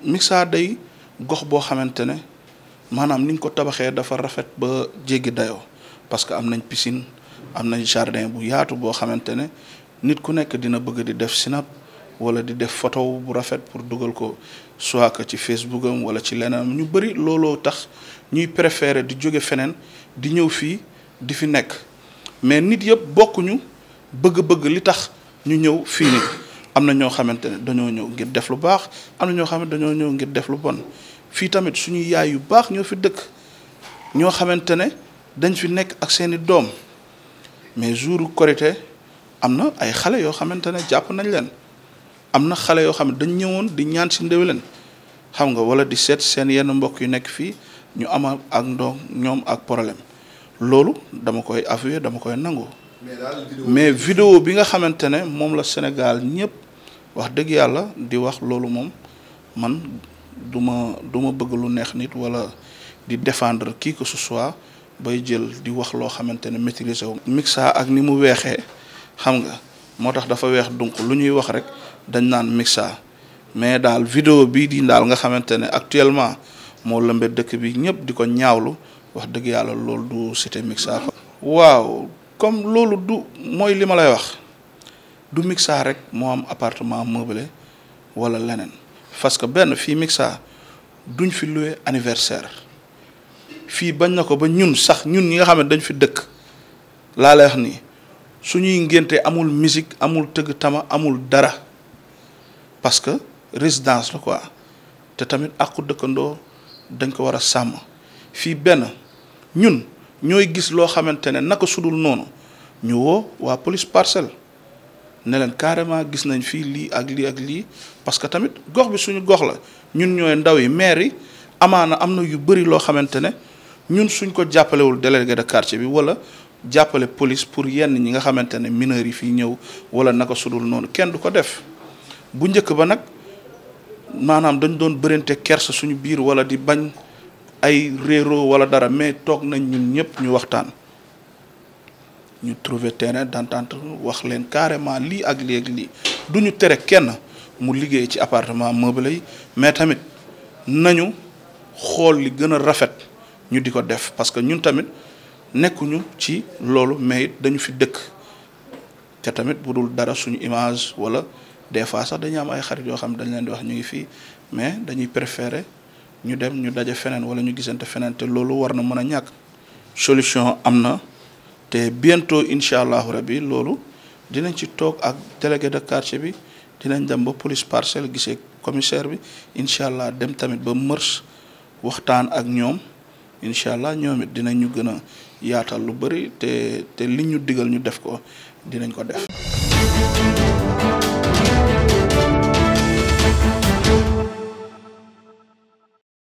Mixta day gox boo xamante ne maanaam niñ ko tabaxee dafa rafet ba jéggi dayoo parce que am nañ piscine am nañ jardin bu yaatu boo xamante ne nit ku nekk dina bëgg di def sinap wala di def photo bu rafet pour dugal ko soit que ci Facebook am wala ci leneen ñu bëri looloo tax ñuy préférer di jóge feneen di ñëw fii di fi nekk mais nit yëpp bokkuñu bëgg-bëgg li tax ñu ñëw fii nii. am na ñoo xamante ne dañoo ñëw ngir def lu baax am na ñoo xamante dañoo ñëw ngir def lu bon fii tamit suñuy yaay yu baax ñoo fi dëkk ñoo xamante ne dañ fi nekk ak seeni doom mais jour korité am na ay xale yoo xamante ne jàpp nañ leen am na xale yoo xam ne dañ ñëwoon di ñaan si ndéw leen xam nga wala di seet seen yenn mbokk yu nekk fii ñu ama ak ndoom ñoom ak problème loolu dama koy avouer dama koy nangu mais vidéo bi nga xamante ne moom la Sénégal ñëpp wax dëgg yàlla di wax loolu moom man du ma du ma bëgg lu neex nit wala di défendre kii que ce soit bay jël di wax loo xamante ne maîtriser wu. Mixa ak ni mu weexee xam nga moo tax dafa weex donc lu ñuy wax rek dañ naan Mixa mais daal vidéo bii di daal nga xamante ne actuellement moo lëmbe dëkk bi ñëpp di ko ñaawlu wax dëgg yàlla loolu du cité waaw comme loolu du mooy li ma lay wax. du Mixa rek moo am appartement meublé wala leneen parce que benn fii Mixa duñ fi loué anniversaire fii bañ na ko ba ñun sax ñun ñi nga xam ne dañ fi dëkk laa lay wax nii suñuy ngénte amul musique amul tëgg tama amul dara parce que résidence la quoi te tamit àqu dëkkandoo dañ ko war a sàmm fii benn ñun ñooy gis loo xamante ne naka sudul noonu ñu woo waa police parcelle neleen leen carrément gis nañ fii lii ak lii ak lii parce que tamit gox bi suñu gox la ñun ñooy ndaw yi maire yi amaana am na yu bëri loo xamante ne ñun suñ ko jàppalewul délégué de quartier bi wala jàppale police pour yenn ñi nga xamante ne mineurs yi fii ñëw wala naka sudul noonu kenn du ko def bu njëkk ba nag maanaam dañ doon bërinte kersa suñu biir wala di bañ ay réeroo wala dara mais toog nañ ñun ñëpp ñu waxtaan ñu trouver terrain d'entente wax leen carrément lii ak lii ak lii du ñu tere kenn mu liggéey ci appartement meublé yi mais tamit nañu xool li gën a rafet ñu di ko def parce que ñun tamit nekkuñu ci loolu mais dañu fi dëkk te tamit bu dul dara suñu image wala des fois sax dañu am ay xarit yoo xam dañ leen di wax ñu ngi fii mais dañuy préférer ñu dem ñu daje feneen wala ñu gisante feneen te loolu war na mën a ñàkk solution am na te bientôt incha allahu rabi loolu dinañ ci toog ak délégué de quartier bi dinañ dem ba police parcelle gisee commissaire bi incha allah dem tamit ba mërs waxtaan ak ñoom incha allah ñoom it dinañ ñu gën a yaatal lu bëri te te li ñu digal ñu def ko dinañ ko def.